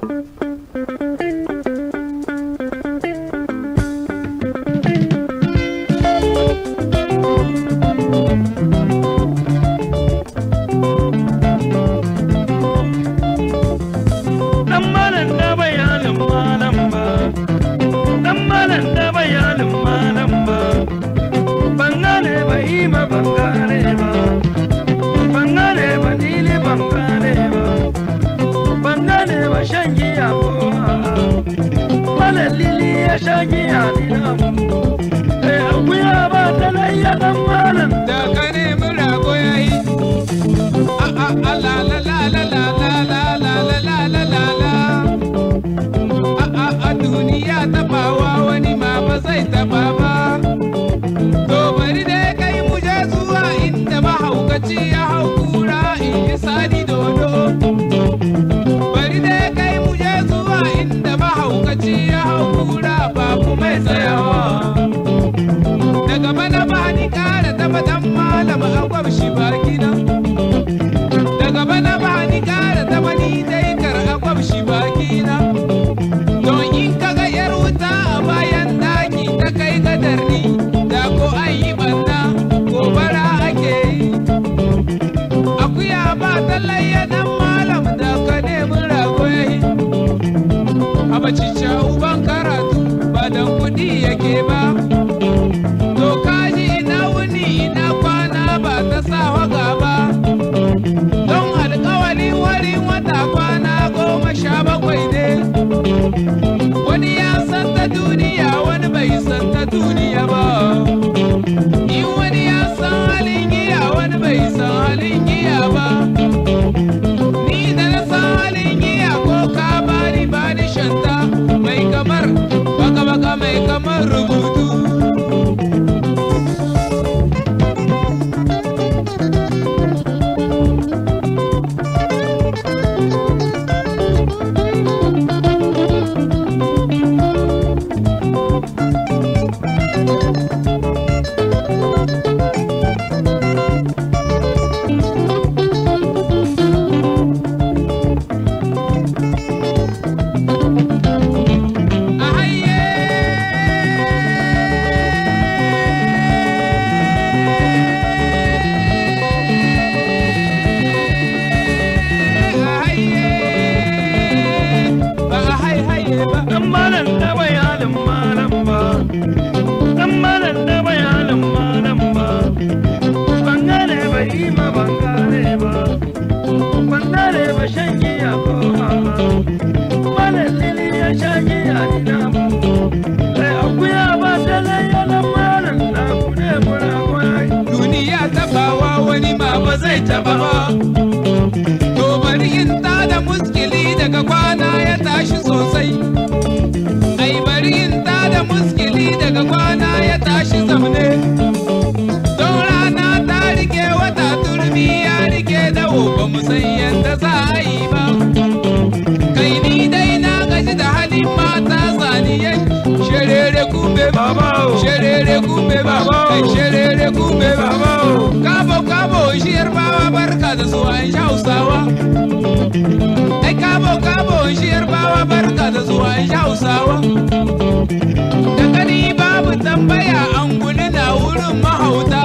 Amma nan na bayanin ma sha akuya ba ta layya malam da ka nemi rago yayi a la la la la la la la la la la la la la duniya tabawa wani ma ba zai taba ba kai gadar ni da ko an yi banna gobara ake yi akuya ba tallaye nan malam da ka nemi ragoyi a macica uban karatu ba dan kudi yake ba to kaji ina wuni ina kwana ba ta sa waga ba don alkawali wari wata kwana goma sha bakwai ne zai taba to bari in ta muskili daga kwana ya tashi sosai ai bari da muskili daga kwana ya tashi zamne don rana ta rike wata turmi ya rike da ba mu san yadda za a yi ba kai ni dai na gaji da halin mata zaniyai sherere kumbe baba sherere kumbe baba sherere kumbe barka da zuwa in sha hausawa ai kabo kabo in shi yarbawa barka da zuwa in sha hausawa da gani babu tambaya an guni na wurin mahauta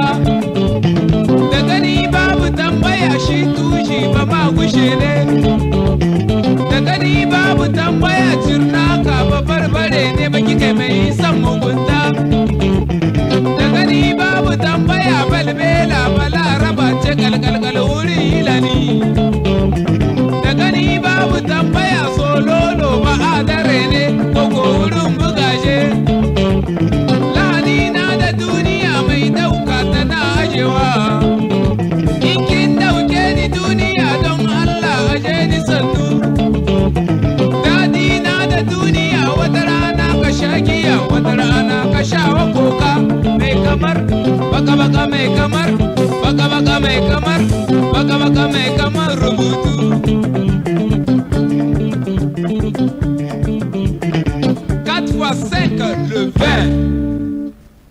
da gani babu tambaya